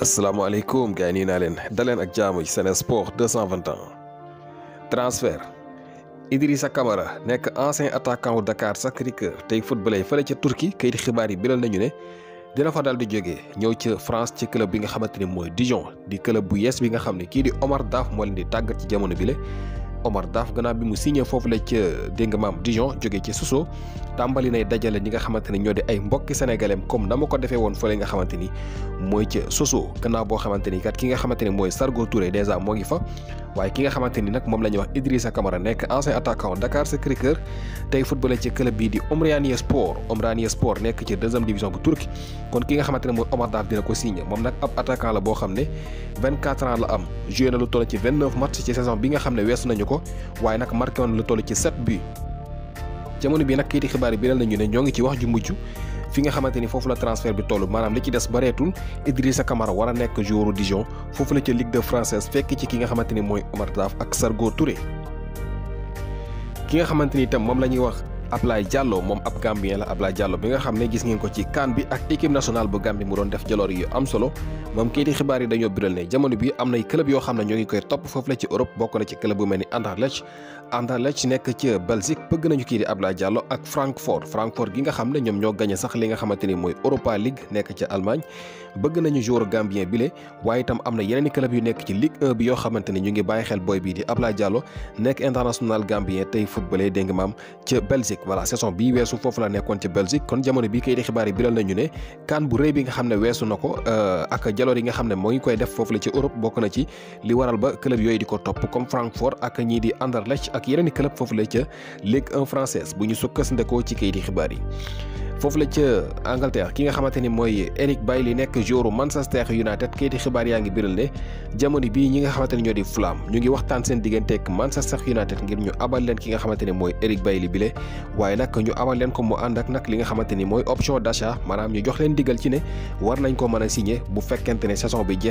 asalaamaaleykum gars yi nii naa leen daleen ak jaamu ci Sen Sport 221 transfert Idrissa Camara nekk ancien attaquant wu Dakar Sacré-Cœur tey footballeur fële ca Turquie kayit xibaar yi biral nañu ne dina fa daal di jógee ñëw ci France ci club bi nga xamante ni mooy Dijon di club bu yees bi nga xam ne kii di Omar Daf moo leen di tàggat ci jamono bile. Omar Daf gannaaw bi mu signé foofu la ca dégg maam Dijon jóge ci Soso tàmbali nay dajale ñi nga xamante ne ñoo di ay mbokki sénégalais comme na ma ko defee woon fële nga xamante ni mooy ci Soso gannaaw boo xamante ni kat ki nga xamante ni mooy Sargo Touré dèjà moo ngi fa waaye ki nga xamante ni nag moom la ñuy wax Idrissa Camara nekk ancien attaquant Dakar Sacré-Cœur tey footballeur ci club bii di Umraniye Spor Umraniye Spor nekk ci deuxième division bu Turquie kon ki nga xamante ne mooy Omar Daf dina ko signé moom nag ab attaquant la boo xam ne 24 ans la am joué na lu toll ci 29 match ci saison bi nga xam ne weesu nañu ko waaye nag marqué woon lu toll ci 7 buts jamono bi nag kii di xibaar yi biral nañu ne ñoo ngi ci wax ju mujj fi nga xamante ni foofu la transfert bi toll maanaam li ci des bareetul Idrissa Camara war a nekk joueur Dijon foofu la ca Ligue de française fekk ci ki nga xamante ni mooy Omar ak Sargo Touré ki nga xamante ni itam moom la ñuy wax Ablaye Diallo mom ab Gambien la Ablaye Diallo bi nga xam ne gis ngeen ko ci CAN bi ak équipe nationale bu Gambie mu doon def jaloori yu am solo Mom kayiti xibaar yi dañoo biral ne jamono bi am nay club yoo xam ñoo ngi koy top foofu la ci Europe bokk na ci club bu mel ni Anderlecht Anderlecht nekk ci Belgique bëgg nañu kii di Ablaye Diallo ak Francfort Francfort gi nga xam ne ñoom ñoo gañe sax li nga xamante ni Europa League nekk ci Allemagne bëgg nañu joueur Gambien bile waaye itam am na yeneen club yu nekk ci Ligue 1 bi ñu ngi xel boy bii di Ablaye Diallo nekk international Gambien tey footballé dégg maam ca Belgique Belgique voilà saison bi weesu foofu la nekkoon ci Belgique kon jamono bi kayit xibaar yi biral nañu ne kan bu rëy bi nga xam ne weesu na ko euh, ak jaloor yi nga xam ne moo ngi koy def foofu la ci Europe bokk na ci li waral ba club yooyu di ko topp comme Francfort ak ñii di Anderlecht ak yeneen i club foofu la ca Ligue 1 française bu ñu sukkandikoo ci kayit xibaar yi foofu la ca Angleterre ki nga xamante ni mooy Eric Bailly nekk joueur Manchester United kayiti xibaar yaa ngi biral ne jamono ko mu li nga xamante ni mooy option d'achat maanaam ñu jox leen digal ci ne war nañ ko mën a signé bu bi ki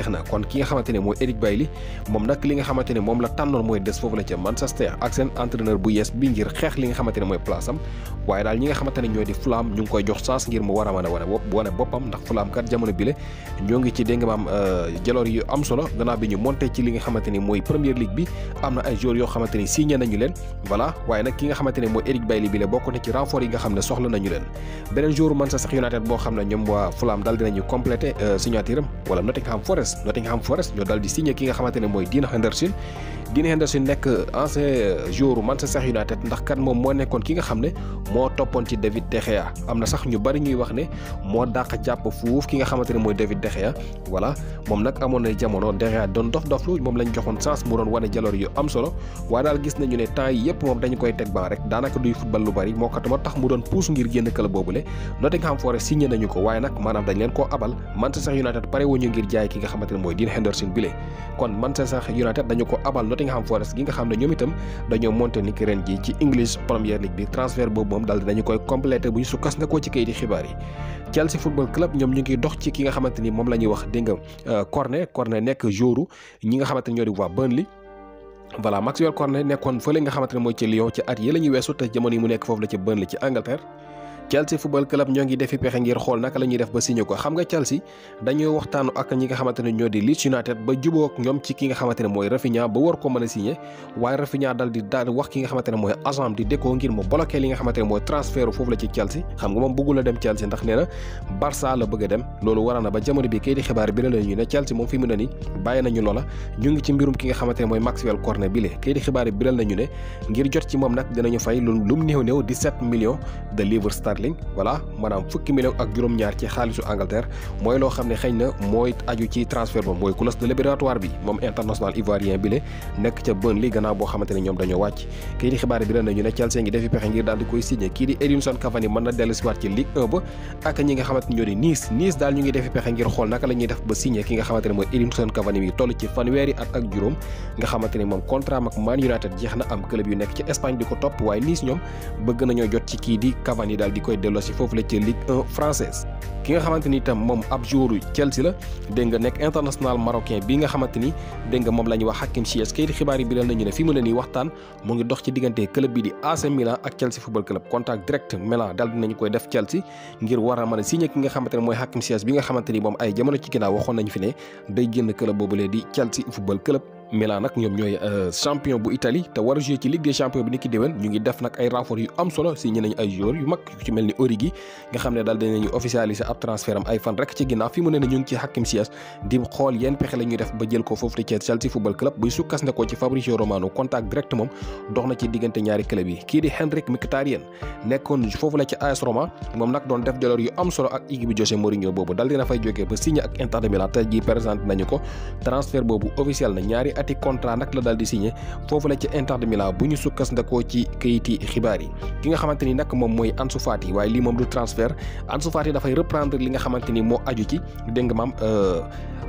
nga xamante ne mooy Eric Bailly moom nag li ne moom la la ca Manchester ak seen entraîneur bu yees bi ngir xeex li nga xamante ne mooy place ñi nga xamante ñoo di Fulham ñu ngi koy jox sens ngir mu war a mën a wane wane boppam ndax Fulham kat jamono bile ñoo ngi ci dégg nga maam euh, jaloor yu am solo gannaaw bi ñu monté ci li nga xamante ni mooy première ligue bi am na ay joueurs yoo xamante ni signé nañu leen voilà waaye nag ki nga xamante ni mooy Eric Bailly bile bokk na ci renfort yi nga xam ne soxla nañu leen beneen joueur Manchester United boo xam ne ñoom waa Fulham dal dinañu complété euh, signature am wala Nottingham Forest Nottingham Forest ñoo dal di signé ki nga xamante ne mooy Dean Henderson Dean Henderson nekk ancien joueur Manchester United ndax kat moom moo nekkoon ki nga xam ne moo toppoon ci David De am na sax ñu bari ñuy wax ne moo dàq jàpp fuuf ki nga xamante ne mooy David De Gea voilà moom nag amoon na jamono De Gea doon dof doflu moom lañ joxoon chance mu doon wane am solo daal gis nañu ne temps yi yëpp moom dañu koy teg ban rek lu bari moo kat tax mu doon puus ngir génn ko waaye nag maanaam dañ leen koo abal Manchester United pare wuñu ngir jaay ki nga xamante ne mooy Dean Henderson bile kon Manchester United dañu ko abal Nottingham Forest gi nga xam ne ñoom itam dañoo monté ni ki ren ji ci English Premier League bi transfert boobu moom daal dinañu koy complété bu ñu sukkas na koo ci kayit xibaar yi Chelsea Football Club ñoom ñu ngi dox ci ki nga xamante moom la ñuy wax dégg nga Cornet euh, Cornet nekk jouru ñi nga xamante ñoo di waa Burnley voilà Maxwell Cornet nekkoon fële nga xamante ne mooy ci Lyon ci at yi la ñuy weesu te jamono yi mu nekk foofu la ci Burnley ci Angleterre Chelsea football club ñoo ngi defi pexe ngir xool naka la ñuy def ba signé ko xam nga Chelsea dañuy waxtaanu ak ñi nga xamante ñoo di Leeds United ba juboo ak ñoom ci ki nga xamante ne mooy Rafinha ba war ko mën signé Rafinha dal di daal wax ki nga xamante moy agent di dékoo ngir mu bloqué li nga xamante ne la ci Chelsea xam nga moom dem Chelsea ndax nee barca Barça la bëgg dem warana ba jamono bi kay di xibaar bi la ñu ne Chelsea moom fi mu ni bàyyi nañu loola ñu ngi ci mbirum ki nga Maxwell Cornet bile kay di xibaar bi biral nañu ne ngir jot ci moom nag dinañu fay lu mu néew néew 17 millions de livres sterling sterling voilà maanaam fukki million ak juróom-ñaar ci xaalisu Angleterre mooy loo xam ne xëy na mooy aju ci transfert ba mooy clause de libératoire bi moom international ivoirien bi le nekk ca Burnley gannaaw boo xamante ne ñoom dañoo wàcc di xibaar bi ren nañu ne Chelsea ngi defi pexe ngir daal di koy signé kii di Edinson Cavani mën na dellu siwaat ci Ligue 1 ba ak ñi nga xamante ne ñoo di Nice Nice daal ñu ngi defi pexe ngir xool naka la def ba signé ki nga xamante ne Edinson Cavani mi toll ci fanweeri at ak juróom nga xamante ne moom contrat ak Man United jeex am club yu nekk ci Espagne di ko topp waaye Nice ñoom bëgg nañoo jot ci kii di Cavani daal di koy delloo si foofu la ci Ligue 1 française ki nga xamante ni itam moom ab joueur Chelsea la dégg nekk international marocain bi nga xamante ni dégg moom la ñuy wax Hakim Ziyech kayit xibaar yi biral nañu ne fi mu ne nii waxtaan mu ngi dox ci diggante club bi di AC ak Chelsea football club contact direct Milan dal dinañu koy def Chelsea ngir war a mën a signé ki nga xamante ne mooy Hakim Ziyech bi nga xamante moom ay jamono ci ginnaaw waxoon Milan nag ñoom ñooy euh, champion bu Italie te war a ci Ligue des champions bi ni ki ñu ngi def nag ay renfort yu am solo si ñeneen ay joueurs yu mag ci mel ni Origi nga xam ne daal dinañu officialiser ab transfert am ay fan rek ci ginnaaw fi ñu ngi ci Hakim Ziyech di xool yenn pexe la def ba jël ko foofu ci Chelsea Football Club buy sukkas ne ko ci Fabrizio Romano contact direct moom dox na ci diggante ñaari club yi kii di Henrik Mkhitaryan nekkoon foofu la ci ati contrat nag la daal di signé foofu la ca Inter de Milan bu ñu sukkandikoo ci kayiti xibaar yi ki nga xamante ni nag moom mooy Ansu Fati waaye lii moom du transfert Ansu Fati dafay reprendre li nga xamante ni moo aju ci dégg nga maam euh,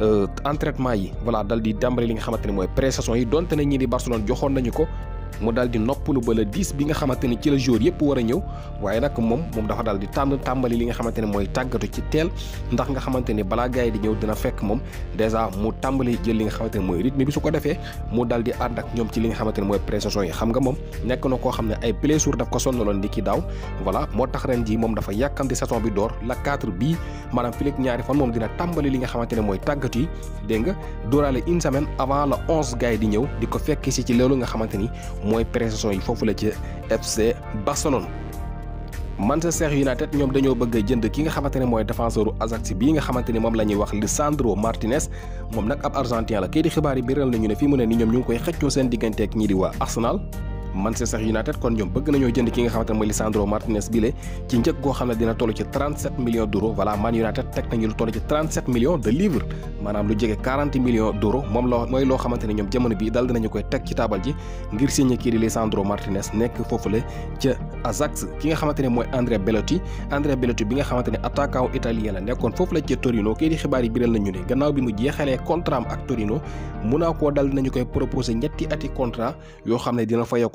euh, entraînement yi voilà dal di dàmbale li nga xamante ni mooy pré-saison yi donte na ñii di Barcelone joxoon nañu ko. mu daal di noppalu ba le 10 bi nga xamante ni ci la jour yëpp war a ñëw waaye nag moom moom dafa daal di tànn tàmbali li nga xamante ne mooy tàggatu ci teel ndax nga xamante ni balaa gars yi ñëw dina fekk moom dèjà mu tàmbali jël li nga xamante ne mooy rythme bi su ko defee mu daal di ànd ak ñoom xamante ne mooy prestations yi xam nga moom nekk na koo xam ne ay blessure daf ko sonnaloon ni ki daaw voilà moo tax ren ji moom dafa yàkkamti saison bi door la 4 bii maanaam filig ñaari fan moom dina tàmbali li nga xamante ne mooy tàggatu yi dégg nga dóoraale une semaine avant la 11 gars yi di ñëw di ko fekk si ci loolu nga xamante ni mooy pré yi foofu la ci FC Barcelone. Manchester United ñoom dañoo bëgg jënd ki nga xamante ne mooy défenseuru Ajax bii nga xamante ni moom la ñuy wax Lisandro Martinez moom nag ab argentin la kii di xibaar yi biral nañu ne fi mu ni ñoom ñu ngi koy xëccoo seen digganteeg ñii di waa Arsenal. Manchester United kon ñoom bëgg nañoo jënd ki nga xamante ne mooy Lisandro Martinez bile ci njëg goo xam ne dina toll ci 37 millions d' euros Man United teg nañu lu toll ci 37 millions de livres maanaam lu jege 40 millions d' euros moom la mooy loo xamante ne ñoom jamono bi dal dinañu koy teg ci taabal ji ngir signé kii di Lisandro Martinez nekk foofule ca Ajax ki nga xamante ne mooy Andrea Belotti Andrea Belotti bi nga xamante ne attaquant italien la nekkoon foofu la ca Torino kii di xibaar yi biral nañu ne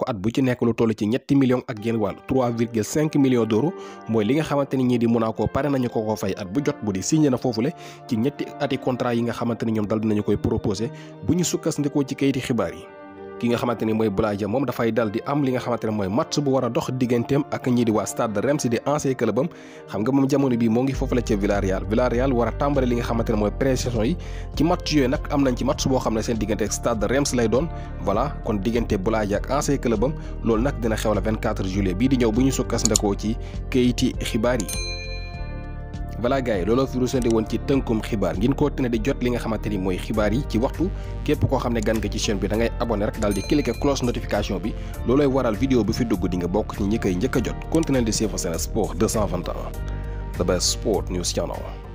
at bu ci nekk lu toll ci ñetti millions ak genn wàll 3,5 millions d'euros mooy li nga xamante ni ñii di Monaco pare nañu ko ko fay at bu jot bu di signé na foofule ci ñetti ati contrat yi nga xamante ni ñoom dal dinañu koy proposé bu ñu sukkandikoo ci kayiti xibaar yi. ki nga xamante ni mooy Boulaye Dia moom dafay dal di am li nga xamante ne mooy match bu war a dox digganteem ak ñii di waa Stade Reims di ancien club xam nga moom jamono bii moo ngi foofu la ca Villarreal Villarreal war a li nga xamante ne mooy pré yi ci match yooyu nag am nañ ci match boo xam ne seen diggante ak Stade Reims lay doon voilà kon diggante Boulaye Dia ak ancien club loolu nag dina xew la 24 bii di ñëw bu ñu sukkandikoo ci voilà gars yi looloo fi rusandi woon ci tënkum xibaar ngeen ko tene di jot li nga xamante ni mooy xibaar yi ci waxtu képp koo xam ne ganga nga ci chaîne bi da ngay abonné rek daal di cliquer cloche notification bi loolooy waral vidéo bu fi dugg dinga nga bokk ci ñi koy njëkk a jot continuez di suivre Sen Sport 221 the best sport news channel